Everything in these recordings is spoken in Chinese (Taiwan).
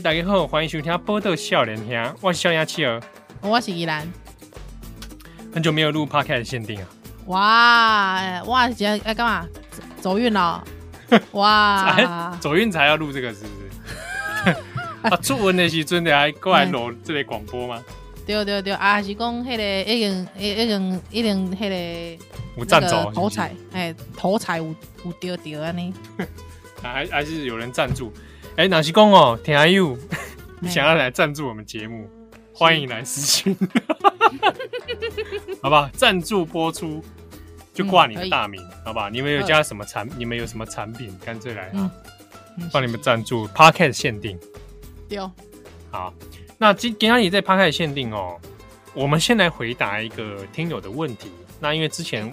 大家好，歡迎收聽《報導少年兄》，我是小雅琪，我是依然。很久沒有錄 Park 的限定啊！哇哇，姐要幹嘛？走運了！哇， 走運才要錄這個是不是？ 啊，出運的時陣真的還過來錄這個廣播嗎？嗯？對對對，啊，就是講迄個已經、已經、已經、已經迄個。有贊助，頭彩哎，頭彩是、欸、有有丟丟安尼，還、 啊、還是有人贊助。哎，老師公哦？田阿你想要來贊助我們節目，欸、歡迎來私訊，是 好吧？贊助播出就掛你的大名，嗯、好吧？你們有加什麼產？以你們有什麼產品？乾脆來啊，幫、嗯、你們贊助是 Podcast 限定。有、哦。好，那今天也在 Podcast 限定哦、喔。我們先來回答一個聽友的問題。那因為之前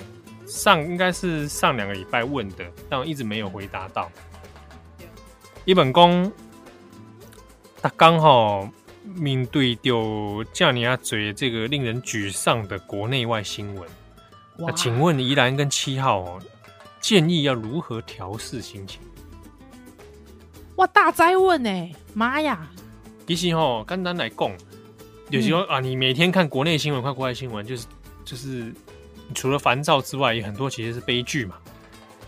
上應該是上兩個禮拜問的，但我一直沒有回答到。一本宮，他剛好面對掉加尼亞嘴這個令人沮喪的國內外新聞。哇那請問宜蘭跟七號、喔、建議要如何調適心情？哇，大哉問呢？媽呀！其實吼、喔，簡單來講，有、就、些、是嗯、啊，你每天看國內新聞、看國外新聞，就是就是，除了煩躁之外，也很多其實是悲劇嘛。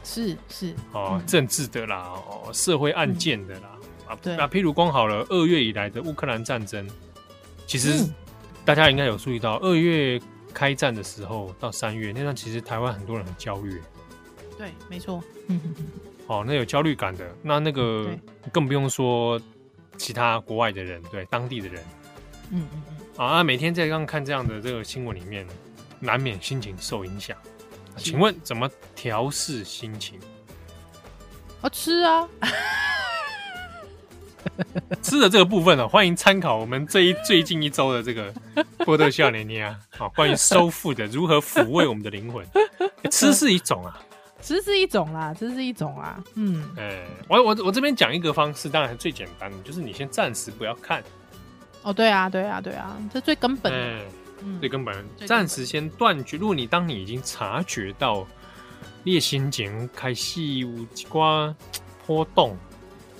是是、嗯、哦，政治的啦，哦，社會案件的啦啊、嗯。對，那、啊、譬如光好了二月以來的烏克蘭戰爭，其實大家應該有注意到，二月開戰的時候到三月那段，其實台灣很多人很焦慮。對，沒錯。嗯哼。哦，那有焦慮感的，那那個更不用說其他國外的人，對當地的人。嗯嗯嗯。嗯嗯啊，每天在剛看這樣的這個新聞裡面，難免心情受影響。請問怎麼調適心情？好、哦、吃啊！ 吃的這個部分呢、喔，歡迎參考我們這一最近一周的這個 波特希年尼。尼亞啊，關於 soul food 的如何撫慰我們的靈魂、欸，吃是一種啊、呃，吃是一種啦，吃是一種啊，嗯，哎、欸，我我我這邊講一個方式，當然還最簡單的就是你先暫時不要看。哦，對啊，對啊，對啊，這最根本的。欸最根本，暫時先斷絕。如果你當你已經察覺到，你的心情開始有一寡波動，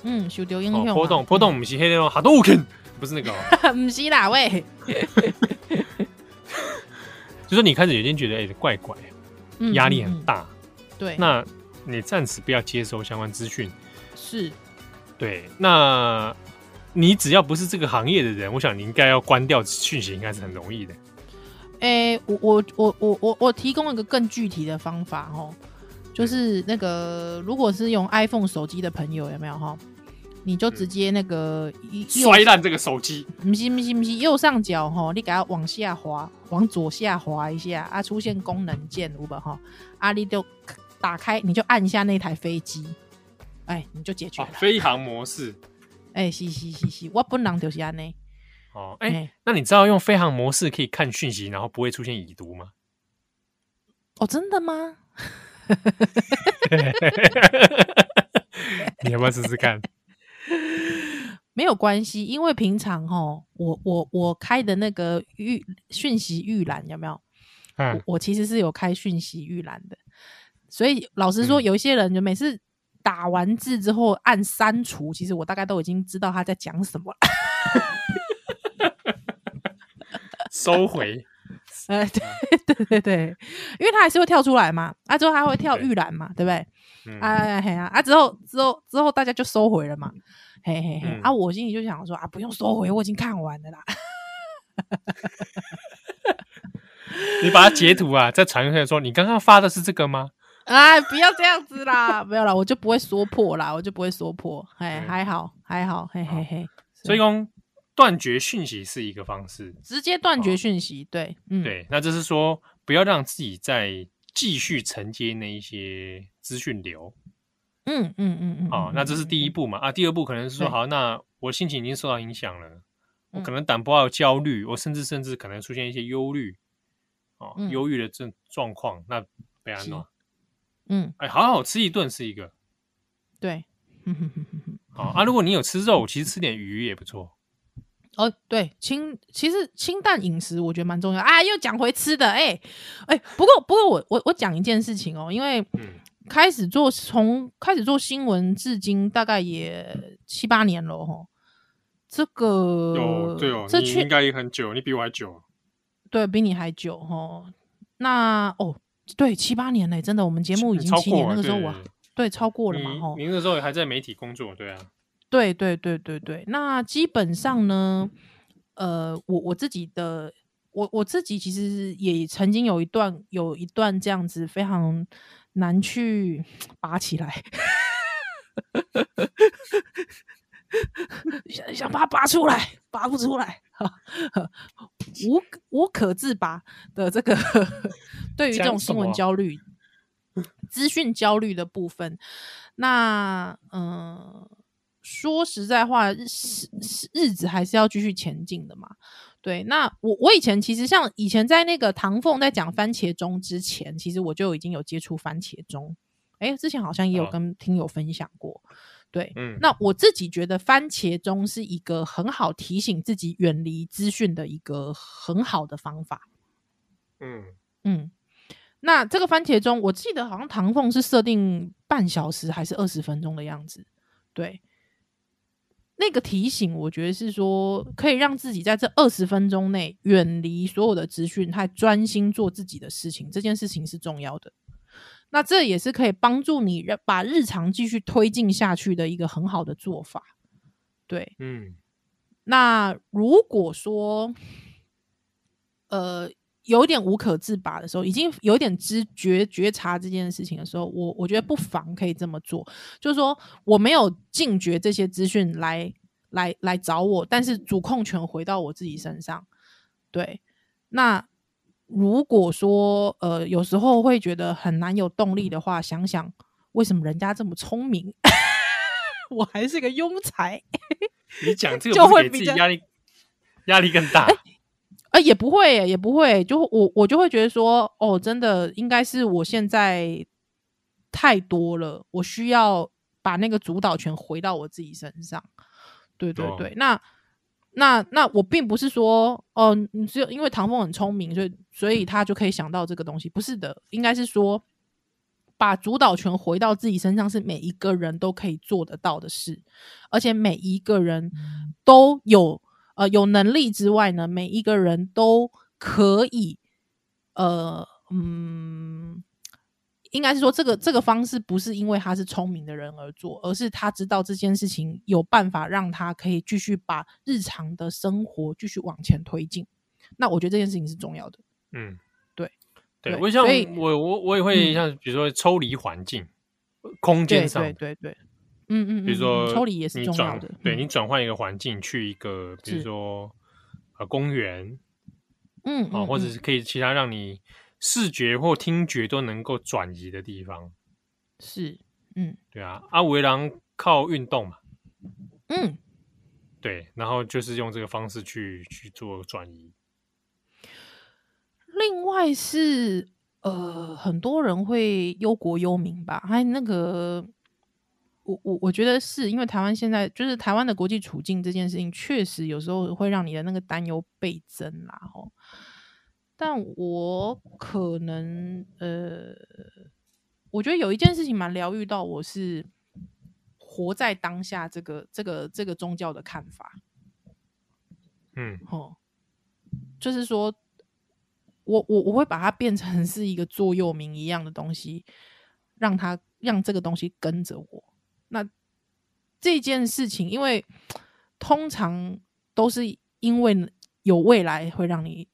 嗯，受到影響波動、嗯、波動不是黑天哈多烏肯，不是那個、喔， 不是啦，喂。 就說你開始有點覺得哎、欸，怪怪，壓、嗯、力很大，嗯嗯、那對，那你暫時不要接受相關資訊，是，對，那。你只要不是這個行業的人，我想你應該要關掉訊息，應該是很容易的。哎、欸，我我我我我我提供一個更具體的方法哦，就是那個如果是用 iPhone 手機的朋友有沒有哈？你就直接那個摔爛、嗯、右這個手機，不是不是不是右上角哈，你給它往下滑，往左下滑一下啊，出現功能鍵五百哈，阿、啊、裡就打開，你就按一下那台飛機，哎，你就解決了、啊、飛航模式。哎，是是是是，我本人就是安內。哦，哎，誒那你知道用飛行模式可以看訊息，嗯、然後不會出現已讀嗎？哦，真的嗎？ 你要不要試試看？ 沒有關係，因為平常哈、哦，我我我開的那個預訊息預覽有沒有？嗯我，我其實是有開訊息預覽的，所以老實說，嗯、有一些人就每次。打完字之後按刪除，其實我大概都已經知道他在講什麼了。 收回，哎、呃，對對對對，對，因為他還是會跳出來嘛，啊，之後他會跳預覽嘛，嘿對不對？嗯呃、啊、嘿、啊、呀，啊之後之後之後大家就收回了嘛，嘿嘿嘿，嗯、啊我心裡就想說啊，不用收回，我已經看完了啦。 你把它截圖啊，再傳出來，說你剛剛發的是這個嗎？啊！不要這樣子啦，不要啦，我就不會說破啦，我就不會說破，嘿，還好，還好，嘿嘿嘿。所以用斷絕訊息是一個方式，直接斷絕訊息，對，嗯，對，那就是說不要讓自己再繼續承接那一些資訊流。嗯嗯嗯嗯。哦，那這是第一步嘛？啊，第二步可能是說，好，那我心情已經受到影響了，我可能膽不好焦慮，我甚至甚至可能出現一些憂慮，哦，憂鬱的這狀況，那被安了。嗯，哎、欸，好好吃一頓是一個，對， 好啊，如果你有吃肉， 其實吃點魚也不錯。哦，對，清其實清淡飲食我覺得蠻重要啊。又講回吃的，哎、欸、哎、欸，不過不過我我我講一件事情哦，因為開始做從、嗯、開始做新聞至今大概也七八年了哦，這個有、哦、對哦，這去應該也很久，你比我還久，對比你還久哦，那哦。對，七八年嘞，真的，我們節目已經七年，過那個時候我，對，對，對，對，超過了嘛，吼，那個時候還在媒體工作，對啊，對對對對對，那基本上呢，嗯、呃，我我自己的，我我自己其實也曾經有一段有一段這樣子非常難去拔起來。 想想把它拔出來，拔不出來，無無可自拔的這個對於這種新聞焦慮、資訊、啊、焦慮的部分，那嗯、呃，說實在話，日、日子還是要繼續前進的嘛。對，那我我以前其實像以前在那個唐鳳在講番茄鐘之前，其實我就已經有接觸番茄鐘，哎、欸，之前好像也有跟、哦、聽友分享過。對，嗯，那我自己覺得番茄鐘是一個很好提醒自己遠離資訊的一個很好的方法。嗯嗯，那這個番茄鐘，我記得好像唐鳳是設定半小時還是二十分鐘的樣子？對，那個提醒，我覺得是說可以讓自己在這二十分鐘內遠離所有的資訊，還專心做自己的事情。這件事情是重要的。那這也是可以幫助你把日常繼續推進下去的一個很好的做法，對，嗯。那如果說，呃，有點無可自拔的時候，已經有點知覺覺察這件事情的時候，我我覺得不妨可以這麼做，就是說我沒有禁絕這些資訊來來來找我，但是主控權回到我自己身上，對，那。如果說呃，有時候會覺得很難有動力的話，想想為什麼人家這麼聰明， 我還是個庸才。你講這個就會給自己壓力，壓力更大。啊、欸欸，也不會、欸，也不會、欸。就我我就會覺得說，哦，真的應該是我現在太多了，我需要把那個主導權回到我自己身上。對對對，對啊、那。那那我並不是說，嗯、呃，只有因為唐鳳很聰明，所以所以他就可以想到這個東西，不是的，應該是說，把主導權回到自己身上是每一個人都可以做得到的事，而且每一個人都有呃有能力之外呢，每一個人都可以，呃，嗯。應該是說，這個這個方式不是因為他是聰明的人而做，而是他知道這件事情有辦法讓他可以繼續把日常的生活繼續往前推進。那我覺得這件事情是重要的。嗯，對對，對，我像以我我我也會像比如說抽離環境，嗯、空間上對對，對。嗯嗯，比如說、嗯嗯、抽離也是重要的，對你轉換一個環境，去一個比如說是、呃、公園，嗯啊，嗯或者是可以其他讓你。視覺或聽覺都能夠轉移的地方，是嗯，對啊，阿維郎靠運動嘛，嗯，對，然後就是用這個方式去去做轉移。另外是呃，很多人會憂國憂民吧，還、哎、那個，我我我覺得是因為台灣現在就是台灣的國際處境這件事情，確實有時候會讓你的那個擔憂倍增啦，吼。但我可能呃，我覺得有一件事情蠻療癒到我，是活在當下這個這個這個宗教的看法，嗯，哦，就是說我我我會把它變成是一個座右銘一樣的東西，讓它讓這個東西跟着我。那這件事情，因為通常都是因為有未來會讓你。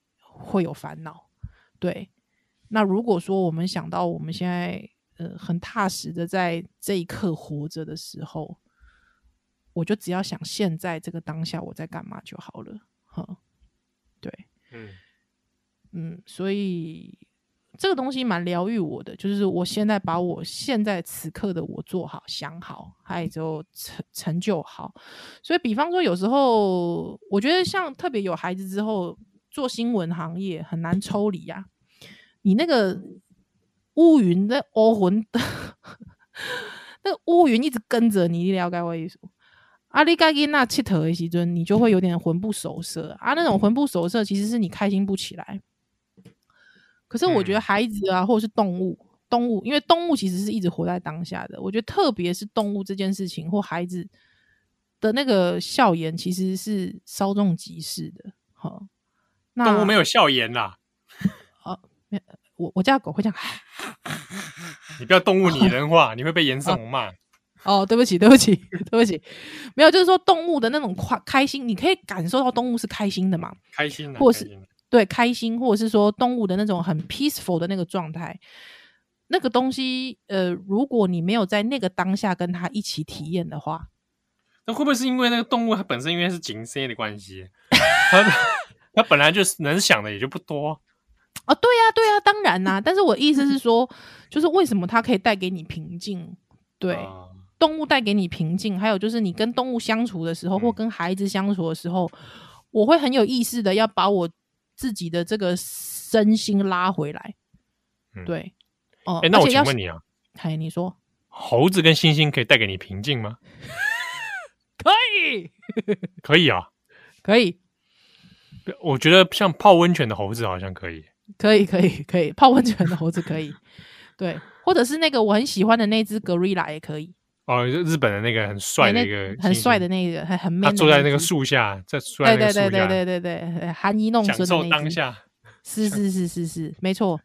會有煩惱，對。那如果說我們想到我們現在呃，很踏實的在這一刻活着的時候，我就只要想現在這個當下我在幹嘛就好了，對，嗯，嗯，所以這個東西蠻療癒我的，就是我現在把我現在此刻的我做好，想好，還有就成成就好。所以，比方說，有時候我覺得像特別有孩子之後。做新聞行業很難抽離呀、啊！你那個烏雲，那惡魂，那烏雲一直跟着你。你了解我意思？啊你該給那七頭維尊，你就會有點魂不守舍啊。那種魂不守舍，其實是你開心不起來。可是我覺得孩子啊，或者是動物，動物，因為動物其實是一直活在當下的。我覺得特別是動物這件事情，或孩子的那個笑顏，其實是稍縱即逝的。那動物沒有笑顏啦、啊。我我家狗會這樣。你不要動物擬人化， 你會被顏聖紘罵。哦，對不起，對不起，對不起， 沒有，就是說動物的那種快開心，你可以感受到動物是開心的嘛？開心、啊，或是開、啊、對開心，或者是說動物的那種很 peaceful 的那個狀態，那個東西，呃，如果你沒有在那個當下跟他一起體驗的話，那會不會是因為那個動物它本身因為是景 C 的關係？ 就 他本來就是能想的也就不多，哦、啊，對呀，對呀，當然啦、啊。但是我意思是說， 就是為什麼它可以帶給你平靜？對，呃、動物帶給你平靜，還有就是你跟動物相處的時候，嗯、或跟孩子相處的時候，我會很有意識的要把我自己的這個身心拉回來。嗯、對，哦、呃，哎、欸，那我請問你啊，哎，你說，猴子跟猩猩可以帶給你平靜嗎？ 可以， 可以啊、哦， 可以。我覺得像泡溫泉的猴子好像可以，可以，可以，可以，可以泡溫泉的猴子可以， 對，或者是那個我很喜歡的那隻格瑞拉也可以。哦，日本的那個很帥的個星星那，很帥的那個，還很美。坐在那個樹下，再在下對對對對對對對，含衣弄孫，享受當下，嗯、是是是是是， 沒錯，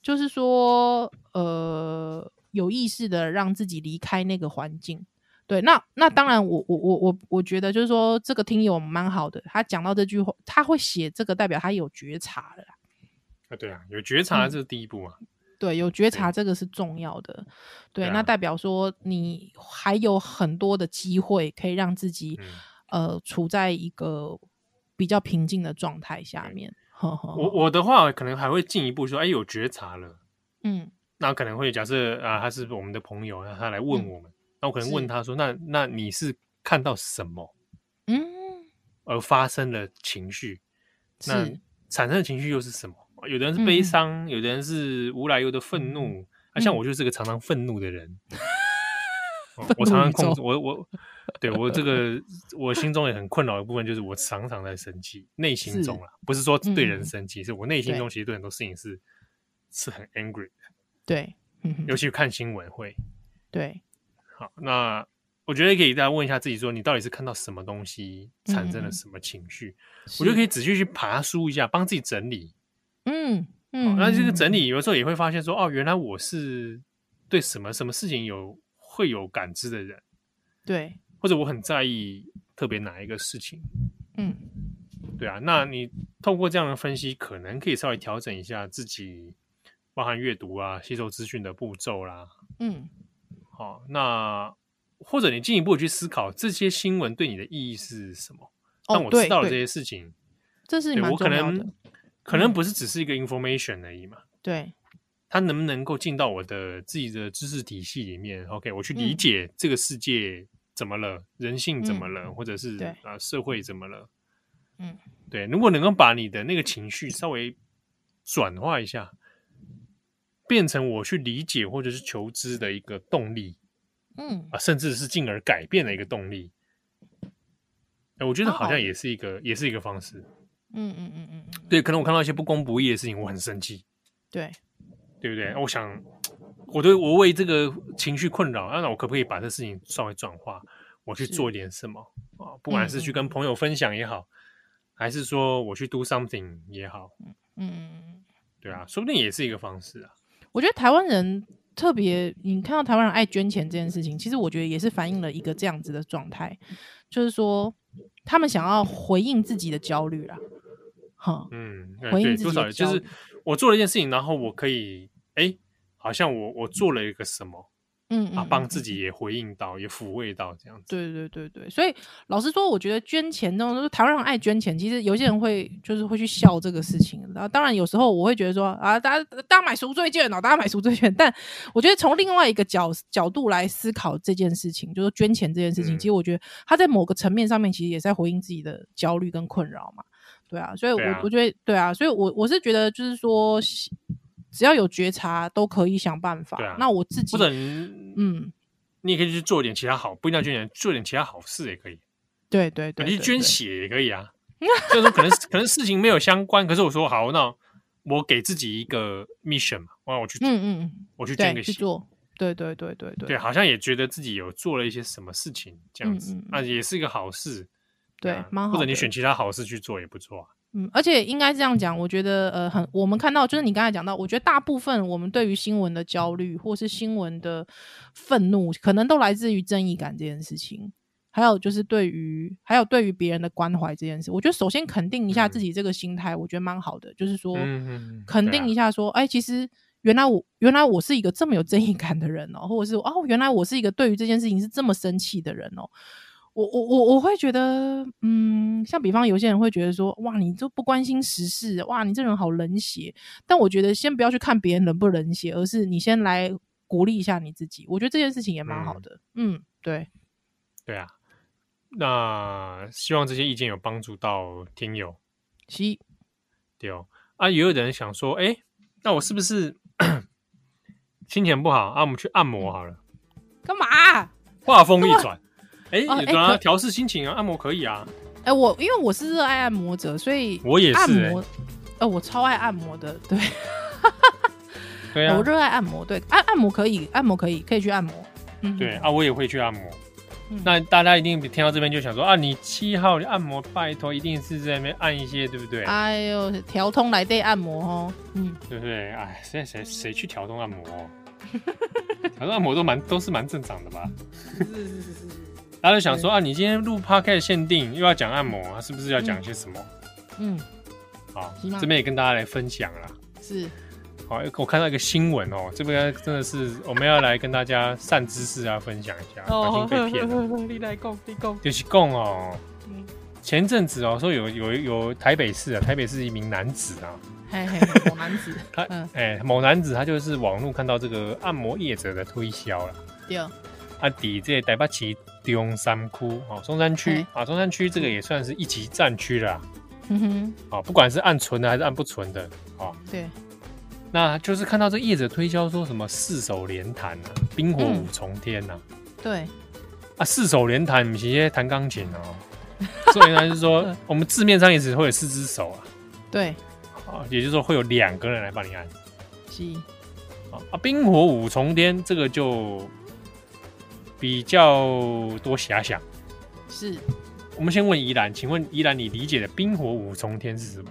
就是說，呃，有意識的讓自己離開那個環境。對，那那當然我，我我我我我覺得就是說，這個聽友蠻好的，他講到這句話，他會寫這個，代表他有覺察了。啊，對啊，有覺察這是第一步啊。嗯、對，有覺察對這個是重要的。對，對啊、那代表說你還有很多的機會可以讓自己、嗯、呃處在一個比較平靜的狀態下面。對 我我的話可能還會進一步說，哎，有覺察了。嗯，那可能會假設啊，他是我們的朋友，他來問我們。嗯那我可能問他說：“那那你是看到什麼，嗯，而發生了情緒？那產生的情緒又是什麼？有的人是悲傷，有的人是無來由的憤怒。啊，像我就是個常常憤怒的人。我常常控制我，我對我這個我心中也很困擾的部分，就是我常常在生氣，內心中啊，不是說對人生氣，是我內心中其實對很多事情是是很 angry 的。對，尤其看新聞會，對。”那我覺得可以再問一下自己：說你到底是看到什麼東西產生了什麼情緒？嗯嗯，我就可以仔細去爬梳一下，是幫自己整理。嗯嗯，那這個整理有時候也會發現說：哦，原來我是對什麼什麼事情有會有感知的人。對，或者我很在意特別哪一個事情。嗯，對啊。那你透過這樣的分析，可能可以稍微調整一下自己，包含閱讀啊、吸收資訊的步驟啦。嗯。好、哦，那或者你進一步去思考這些新聞對你的意義是什麼？但、哦、我知道了這些事情，對這是對我可能、嗯、可能不是只是一個 information 而已嘛？對，它能不能夠進到我的自己的知識體系裡面？OK，我去理解這個世界怎麼了，嗯、人性怎麼了，嗯、或者是對啊社會怎麼了？嗯，對，如果能夠把你的那個情緒稍微轉化一下。變成我去理解或者是求知的一個動力，嗯、啊、甚至是進而改變的一個動力。欸，我覺得好像也是一個，哦、也是一個方式。嗯嗯嗯嗯，對，可能我看到一些不公不義的事情，我很生氣。對，對不對？我想，我對，我為這個情緒困擾，那、啊、我可不可以把這事情稍微轉化，我去做一點什麼？是啊，不管是去跟朋友分享也好，嗯嗯還是說我去 do something 也好，嗯嗯，對啊，說不定也是一個方式啊。我覺得台灣人特別，你看到台灣人愛捐錢這件事情，其實我覺得也是反映了一個這樣子的狀態，嗯、就是說他們想要回應自己的焦慮啦。哈，嗯，回應自己的焦慮。多少？就是我做了一件事情，然後我可以，哎、欸，好像我我做了一個什麼。嗯嗯，啊，幫自己也回應到，嗯嗯嗯也撫慰到這樣子。對對對對，所以老實說，我覺得捐錢呢，就是台灣人愛捐錢，其實有些人會就是會去笑這個事情。然後、嗯、當然有時候我會覺得說啊，大家大家買贖罪券、哦，老大家買贖罪券。但我覺得從另外一個角角度來思考這件事情，就是捐錢這件事情，嗯、其實我覺得他在某個層面上面，其實也在回應自己的焦慮跟困擾嘛。對啊，所以，我我覺得對啊，對啊，所以我我是覺得就是說。只要有覺察，都可以想辦法。對啊，那我自己不能，嗯，你也可以去做一點其他好，不一定要捐錢，做點其他好事也可以。對對對，你去捐血也可以啊。所以說，可能可能事情沒有相關，可是我說好，那我給自己一個 mission 嘛，我我去嗯嗯，我去捐個血，做對對對對對，好像也覺得自己有做了一些什麼事情這樣子，那也是一個好事。對，或者你選其他好事去做也不錯啊。嗯，而且應該這樣講，我覺得呃，很我們看到就是你剛才講到，我覺得大部分我們對於新聞的焦慮或是新聞的憤怒，可能都來自於正義感這件事情，還有就是對於還有對於別人的關懷這件事，我覺得首先肯定一下自己這個心態，嗯、我覺得蠻好的，就是說嗯嗯嗯、對啊、肯定一下說，說、欸、哎，其實原來我原來我是一個這麼有正義感的人哦、喔，或者是哦，原來我是一個對於這件事情是這麼生氣的人哦、喔。我我我我會覺得，嗯，像比方有些人會覺得說，哇，你都不關心時事，哇，你這人好冷血。但我覺得先不要去看別人冷不冷血，而是你先來鼓勵一下你自己。我覺得這件事情也蠻好的，嗯,嗯，對，對啊。那希望這些意見有幫助到聽友。七六是、哦、啊，也有,有人想說，哎、欸，那我是不是心情 不好？啊，我們去按摩好了。幹嘛,、啊、嘛？畫風一轉。哎，怎麼調適心情啊？按摩可以啊！哎，我因為我是熱愛按摩者，所以我也是按摩。呃，我超愛按摩的，對，對啊，我熱愛按摩，對，按按摩可以，按摩可以，可以去按摩。嗯，對啊，我也會去按摩。那大家一定聽到這邊就想說啊，你七號你按摩，拜托，一定是在那邊按一些，對不對？哎呦，調通來對按摩哦，嗯，對不對？哎，誰誰誰去調通按摩？調通按摩都蠻都是蠻正常的吧？是是是是。他就想說對啊，你今天錄 podcast 限定又要講按摩，他是不是要講些什麼？嗯，嗯好，嗎這邊也跟大家來分享啦。是，好，我看到一個新聞哦、喔，這邊真的是我們要來跟大家散知識啊， 分享一下，小心、哦、你來講，你講，就是講哦、喔。前陣子哦、喔，說有有有台北市啊，台北市一名男子啊，嘿嘿，某男子， 他哎、欸，某男子他就是網路看到這個按摩業者的推銷啦，有對，他底、啊、這台北市。中,三中山窟，嗯、啊，中山區啊，中山區這個也算是一級戰區了、啊嗯。嗯哼，啊，不管是按純的還是按不純的，啊，對。那就是看到這業者推銷說什麼四手連彈啊，冰火五重天吶、啊嗯，對，啊，四手連彈，你直接彈鋼琴哦、喔。所以呢，就是說我們字面上也只會有四只手啊，對，啊，也就是說會有兩個人來幫你按，是。啊啊，冰火五重天這個就。比較多遐想，是我們先問怡蘭，請問怡蘭，你理解的冰火五重天是什麼？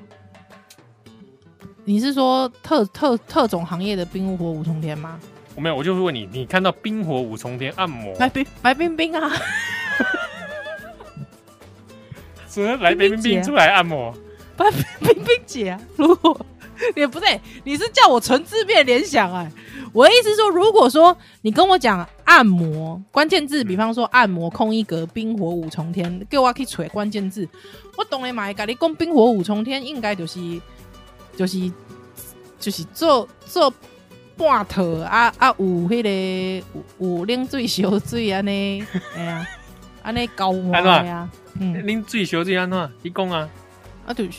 你是說特特特種行業的冰火五重天嗎？我沒有，我就是問你，你看到冰火五重天按摩，白冰白冰冰啊，說 來白冰，冰冰出來按摩？白冰冰，冰姐啊，如果你不對，欸，你是叫我純字面聯想哎，欸。我的意思說，如果說你跟我講按摩關鍵字，比方說按摩空一格冰火五重天，叫我去找關鍵字，我當然嘛會甲你講冰火五重天應該就是就是就是做做半套啊啊，有迄、那個有有零最燒最安尼，哎 啊安尼高嘛呀、啊？啊、嗯，零最燒最安怎？你講啊？啊對。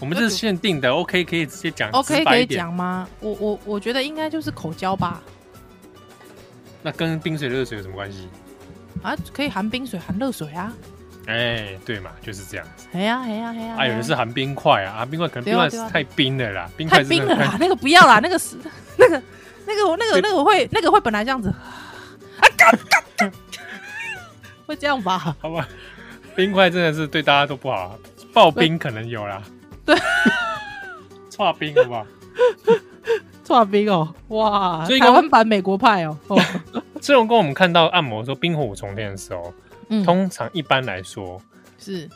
我們這是限定的，OK，可以直接講。OK，可以講嗎？我我我覺得應該就是口交吧。那跟冰水、熱水有什麼關係？啊，可以含冰水、含熱水啊。哎、欸，對嘛，就是這樣子。哎呀、啊，哎呀、啊，哎呀、啊！啊，有的是含冰塊啊，啊，冰塊可能冰塊太冰的啦，太冰的啦，那個不要啦， 那個是那個那個那個那個會那個會本來這樣子啊， 會這樣吧？好吧，冰塊真的是對大家都不好，爆冰可能有啦。對，剉冰了吧？剉冰哦，哇！所以台灣版美國派哦。這種跟我們看到按摩說冰火五重天的時候，通常一般來說是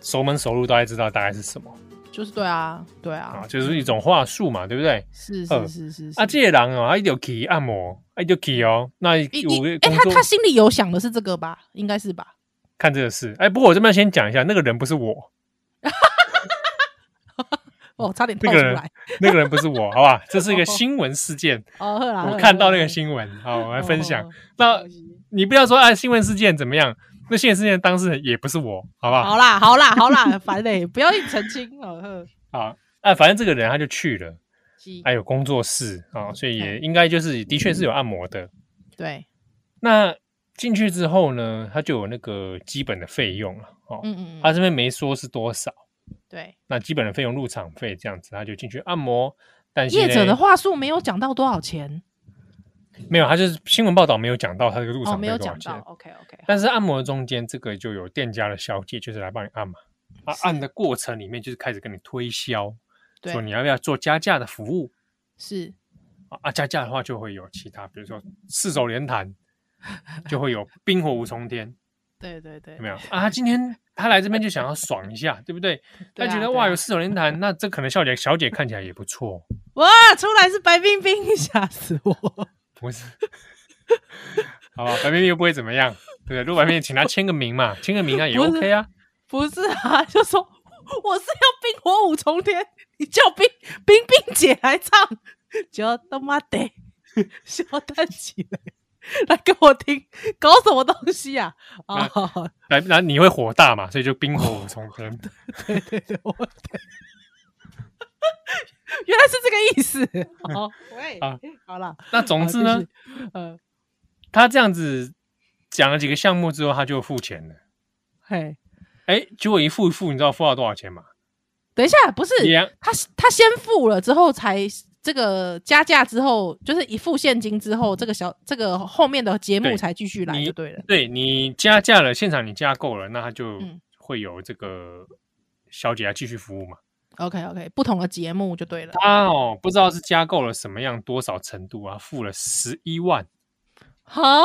熟門熟路，都還知道大概是什麼。就是對啊，對啊，就是一種話術嘛，對不對？是是是是。啊阿介郎啊，他有 key 按摩，有 key 哦。那有哎，他他心裡有想的是這個吧？應該是吧？看這個是哎，不過我這邊先講一下，那個人不是我。哦，差點那個人，那個人不是我，好吧？這是一個新聞事件。哦，我看到那個新聞，好，我來分享。那你不要說，哎，新聞事件怎麼樣？那新聞事件當事人也不是我，好不好？好啦，好啦，好啦，很煩嘞，不要去澄清。好，好，哎，反正這個人他就去了，還有工作室啊，所以也應該就是的確是有按摩的。對，那進去之後呢，他就有那個基本的費用了。哦，他這邊沒說是多少。對，那基本的費用，入場費這樣子，他就進去按摩。但業者的話術沒有講到多少錢，沒有，他就是新聞報道沒有講到他這個入場費沒有講到 OK OK，但是按摩中間這個就有店家的小姐，就是來幫你按嘛。啊，按的過程裡面就是開始跟你推銷，說你要不要做加價的服務？是啊，加價的話就會有其他，比如說四手聯彈，就會有冰火五重天。對對對，沒有啊？他今天。他來這邊就想要爽一下，對不對？他、啊、覺得、啊、哇，有四種人團， 那這可能小姐小姐看起來也不錯。哇，出來是白冰冰，嚇死我！不是， 好吧，白冰冰又不會怎麼樣，對不對？錄白冰冰，請他簽個名嘛， 簽個名啊也 OK 啊。不是，不是啊，就說我是要冰火五重天，你叫冰冰冰姐來唱， 就他媽得笑得起來。來給我聽，搞什麼東西呀？啊，那哦、來，那你會火大嘛？所以就冰火五重天、哦。對對對，我對 原來是這個意思。好、哦，喂，啊，好了啦。那總之呢，啊就是、呃，他這樣子講了幾個項目之後，他就付錢了。嘿，哎、欸，結果一付一付，你知道付了多少錢嗎？等一下，不是，樣他他先付了之後才。這個加價之後，就是一付現金之後，這個小這個後面的節目才繼續來，就對了。對，你，對你加價了，現場你加夠了，那他就會有這個小姐來繼續服務嘛、嗯。OK OK，不同的節目就對了。他哦，不知道是加夠了什麼樣多少程度啊？付了十一萬啊、哦、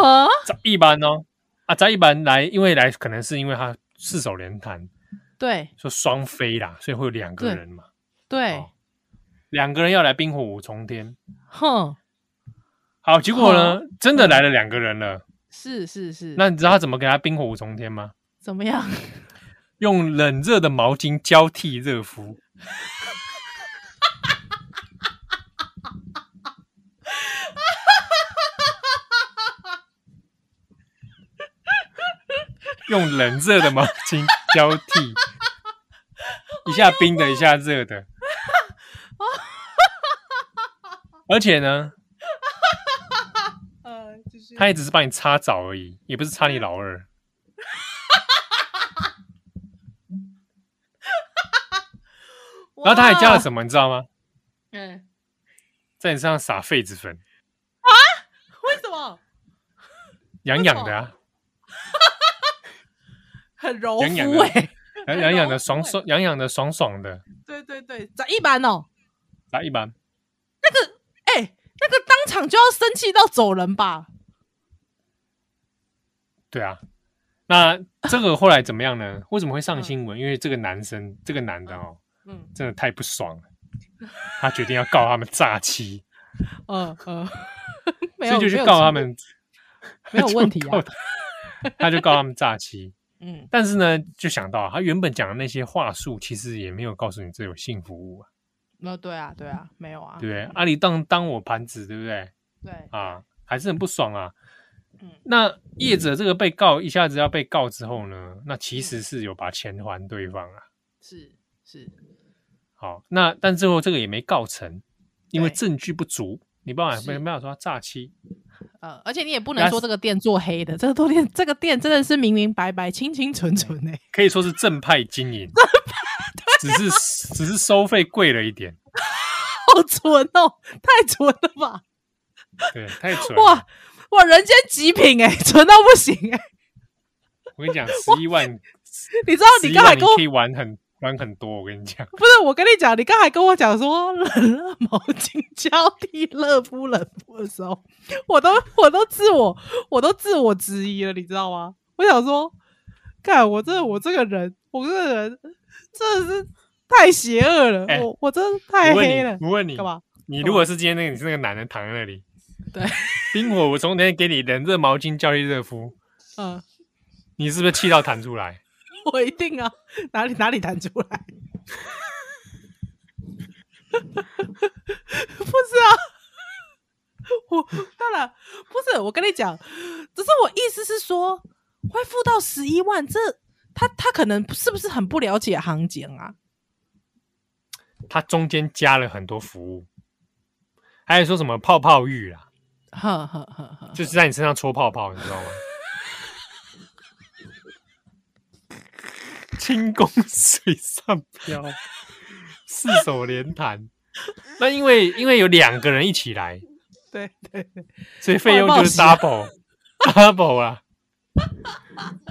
啊！在一般哦啊，在一般來，因為來可能是因為他四手連彈，對，說雙飛啦，所以會有兩個人嘛。對、哦，兩個人要來冰火五重天，哼，呵，好，結果呢，呵真的來了兩個人了。是是、嗯、是。是是，那你知道怎麼給他冰火五重天嗎？怎麼樣？用冷熱的毛巾交替熱敷。 用冷熱的毛巾交替 一下冰的，的一下熱的。而且呢，他也只是幫你擦澡而已，也不是擦你老二。然後他還加了什麼，你知道嗎？嗯，在你身上撒痱子粉啊？為什麼？癢癢的啊！很柔膚，哎，癢癢的，爽爽，癢癢的，爽爽的。對對對，砸一般哦，砸一般。就要生氣到走人吧？對啊，那這個後來怎麼樣呢？ 為什麼會上新聞？嗯、因為這個男生，這個男的哦、喔，嗯，真的太不爽了， 他決定要告他們詐欺。嗯嗯、呃，呃、 沒有所以就去告他們，沒有問題啊。 他，就他，他就告他們詐欺。 嗯，但是呢，就想到他原本講的那些話術，其實也沒有告訴你這有性服務啊。那對啊，對啊，沒有啊，對，阿、啊、里當當我盤子，對不對？對啊，還是很不爽啊。嗯，那業者這個被告一下子要被告之後呢，嗯、那其實是有把錢還對方啊。是是，是好，那但最後這個也沒告成，因為證據不足。對你不管沒沒有說、啊、詐欺。呃，而且你也不能說這個店做黑的，來這個店這個店真的是明明白白、清清純純誒，可以說是正派經營。 只是只是收費貴了一點， 好蠢哦、喔，太蠢了吧？對，太蠢！哇哇，人間極品哎、欸，蠢到不行哎、欸！我跟你講，十一萬，你知道你剛才跟我你可以玩很玩很多。我跟你講，不是我跟你講，你剛才跟我講說冷熱毛巾交替熱敷冷敷的時候，我都我都自我我都自我質疑了，你知道嗎？我想說，看我這我這個人，我這個人。真是太邪惡了，欸、我我真是太黑了。我問你，我問你幹嘛？你如果是今天那個那個男人躺在那裡，對，冰火，我從那天給你冷熱毛巾叫你熱敷，嗯，你是不是氣到彈出來？ 我一定啊，哪裡哪裡彈出來？ 不是啊，我當然不是。我跟你講，只是我意思是說，會付到十一萬這。他他可能是不是很不了解行情啊？他中間加了很多服務，還有說什麼泡泡浴啊，哈哈哈哈哈，就是在你身上搓泡泡，你知道嗎？輕功水上漂，四手連彈。那因為因為有兩個人一起來，對對對，所以費用就是 double double 啊。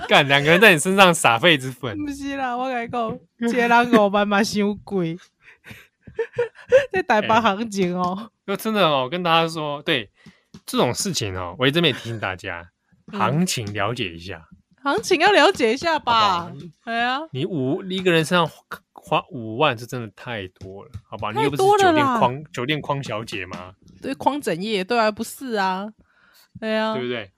幹兩 個人在你身上撒痱子粉，不是啦，我跟你講，這人五萬嘛，太貴，在台北行情哦。就、欸、真的哦，跟大家說，對這種事情哦，我一直沒提醒大家，嗯、行情了解一下，行情要了解一下吧。好好對啊，你五你一個人身上花，花五萬，是真的太多了，好吧？你又不是酒店框，酒店框小姐嗎？對，框整夜，對啊，不是啊，對啊，對不對？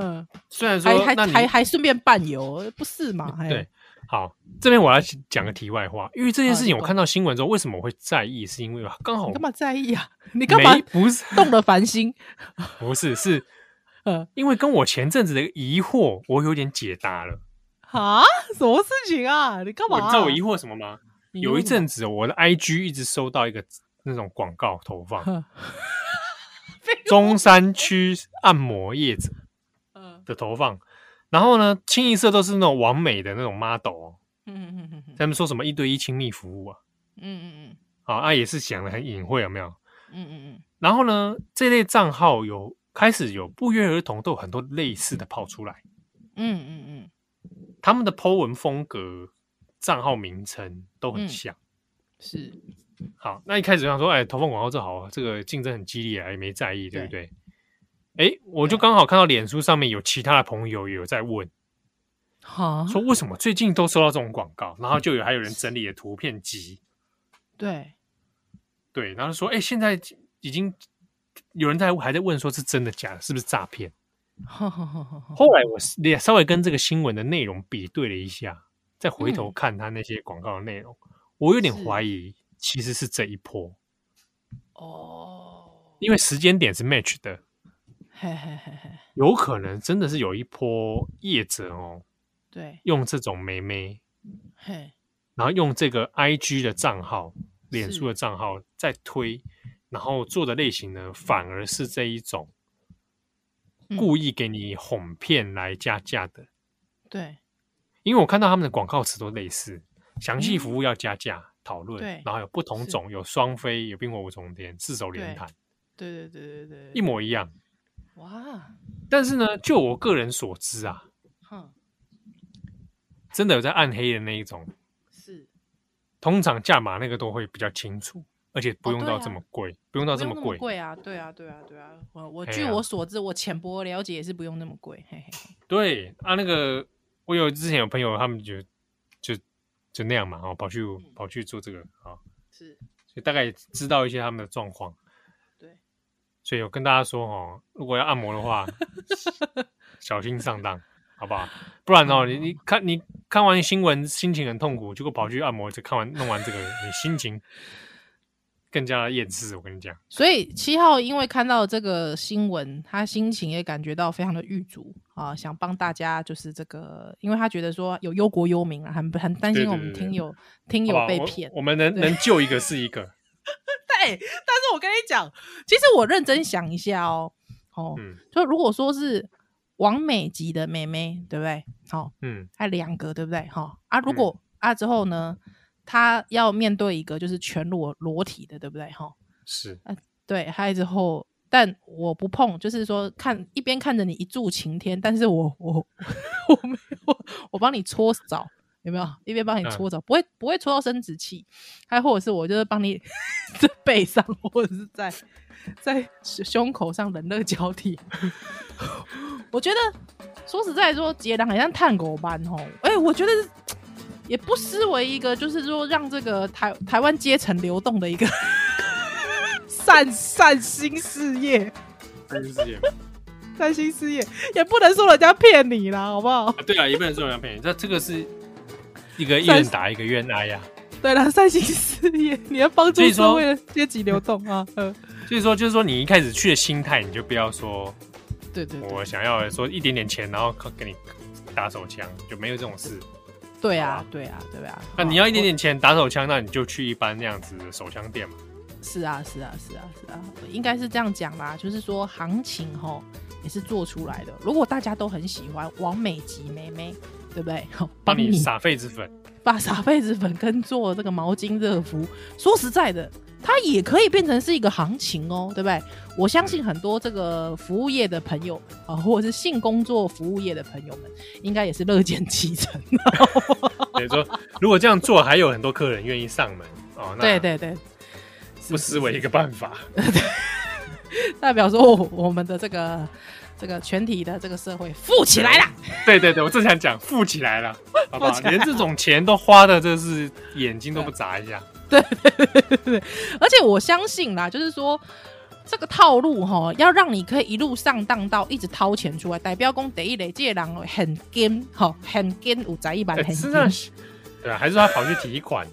嗯，雖然說還還順便伴遊，不是嘛？對，好，這邊我要講個題外話，因為這件事情我看到新聞之後，為什麼我會在意？是因為嘛，剛好我幹嘛在意啊？你幹嘛不是動了凡心？不是是，呃，因為跟我前陣子的疑惑，我有點解答了。啊，什麼事情啊？你幹嘛？你知道我疑惑什麼嗎？有一陣子，我的 IG 一直收到一個那種廣告投放，中山區按摩業者的投放，然後呢，清一色都是那種完美的那種 model，嗯、哦、嗯嗯嗯，他、嗯、們、嗯、說什麼一對一親密服務啊，嗯嗯嗯，嗯啊，也是講的很隱晦，有沒有？嗯嗯嗯。嗯然後呢，這類賬號有開始有不約而同，都有很多類似的跑出來，嗯嗯嗯，嗯嗯他們的 po 文風格、賬號名稱都很像，嗯、是。好，那一開始就想說，哎，投放廣告這好，這個競爭很激烈啊，也沒在意，對不對？對誒，我就剛好看到臉書上面有其他的朋友也有在問，哈，說為什麼最近都收到這種廣告，然後就有還有人整理了圖片集，對，對，然後說誒，現在已經有人在還在問，說是真的假的，是不是詐騙？ 後來我是也稍微跟這個新聞的內容比對了一下，再回頭看他那些廣告的內容，嗯、我有點懷疑，其實是這一波，哦，因為時間點是 match 的。嘿嘿嘿嘿， 有可能真的是有一波業者哦。對，用這種妹妹，嘿， 然後用這個 IG 的賬號、是臉書的賬號在推，然後做的類型呢，反而是這一種故意給你哄騙來加價的。嗯、對，因為我看到他們的廣告詞都類似，詳細服務要加價，嗯、討論，對然後有不同種，是有雙飛，有冰火五重天，四手聯彈，對對對對對，對，一模一樣。哇！但是呢，就我個人所知啊，哼呵，真的有在暗黑的那一種，是，通常價碼那個都會比較清楚，而且不用到這麼貴，哦啊、不用到這麼貴，貴啊！對啊，對啊，對啊！我我據我所知，啊、我淺薄了解也是不用那麼貴，嘿嘿。對啊，那個我有之前有朋友，他們就就就那樣嘛，哦、喔，跑去跑去做這個啊，嗯喔、是，所以大概也知道一些他們的狀況。所以，我跟大家說哦，如果要按摩的話， 小心上當，好不好？不然哦，你你看，你看完新聞心情很痛苦，結果跑去按摩，就看完弄完這個， 你心情更加厭世。我跟你講，所以七號因為看到這個新聞，他心情也感覺到非常的鬱卒啊、呃，想幫大家就是這個，因為他覺得說有憂國憂民啊，很很擔心我們聽友聽友被騙，我們能對能救一個是一個。對、 欸，但是我跟你講，其實我認真想一下哦、喔，哦，嗯、就如果說是網美級的妹妹，對不對？哦，嗯，她兩個，對不對？哈，啊，如果、嗯、啊之後呢，她要面對一個就是全裸裸體的，對不對？哈，是、啊，對，還之後，但我不碰，就是說看一邊看着你一柱擎天，但是我我 我沒有，我幫你搓澡。有沒有一邊幫你搓澡，嗯，不會不會搓到生殖器，還或者是我就是幫你這 背上，或者是在在胸口上的那個交替。 我覺得說實在說，杰郎好像探狗般哦，哎，我覺得也不失為一個就是說讓這個台台灣階層流動的一個 善善心，善，心善心事業，善心事業，善心事業也不能說人家騙你啦，好不好？啊對啊，也不能說人家騙你，這這個是。一個願打一個願挨呀，對啦，善心事業，你要幫助社會階級流動啊，嗯。 所以說，就是說你一開始去的心態，你就不要說，對，對對，我想要說一點點錢，然後給你打手槍，就沒有這種事。對啊，吧對啊，對啊，對啊。那你要一點點錢我打手槍，那你就去一般那樣子的手槍店嘛是、啊。是啊，是啊，是啊，是啊，我應該是這樣講啦。就是說行情吼也是做出來的，如果大家都很喜歡網美級妹妹，對不對？幫你，幫你撒痱子粉，把撒痱子粉跟做這個毛巾熱敷，說實在的，它也可以變成是一個行情哦，對不對？我相信很多這個服務業的朋友啊、呃，或者是性工作服務業的朋友們，應該也是樂見其成。等 於說，如果這樣做，還有很多客人願意上門哦。那對對對，是是是不失為一個辦法。是是是 代表說我，我們的這個。這個全體的這個社會富起來了，對，對對對，我正想講 富起來了，好不好，富起來連這種錢都花的這，就是眼睛都不眨一下。對對對，對對對，而且我相信啦，就是說這個套路吼，要讓你可以一路上當到一直掏錢出來，代表工第一類這些人很 gen 很 g e 五宅一般，很，很、欸、的對吧、啊？還是說他跑去提款？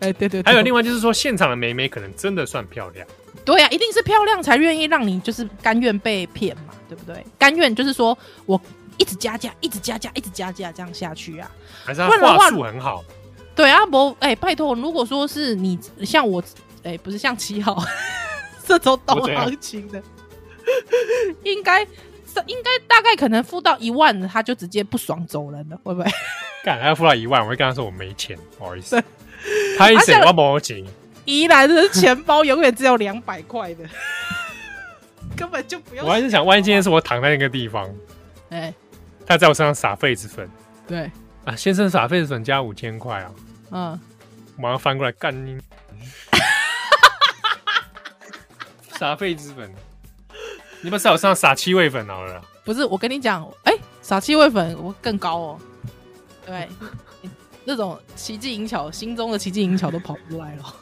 哎、 欸、對，對，對對，還有另外就是說現場的妹妹可能真的算漂亮。對呀、啊，一定是漂亮才願意讓你，就是甘願被騙嘛，對不對？甘願就是說我一直加價，一直加價，一直加價，這樣下去啊。還是他話術很好，對阿、啊、伯，哎、欸，拜託，如果說是你像我，哎、欸，不是像七號，這種懂行情的，應該應該大概可能付到一萬，他就直接不爽走人了，會不會？幹他付到一萬，我會跟他說我沒錢，不好意思，他一直我沒錢。宜蘭的錢包永遠只有兩百塊的， 根本就不用。我還是想，哦、萬一今天是我躺在那個地方，哎、欸，他在我身上撒痱子粉，對啊，先生撒痱子粉加五千塊啊，嗯，我馬上翻過來幹你， 撒痱子粉，你不是在我身上撒七味粉好了。不是，我跟你講，哎、欸，撒七味粉我更高哦，對，那、 欸、種奇技淫巧心中的奇技淫巧都跑出來了。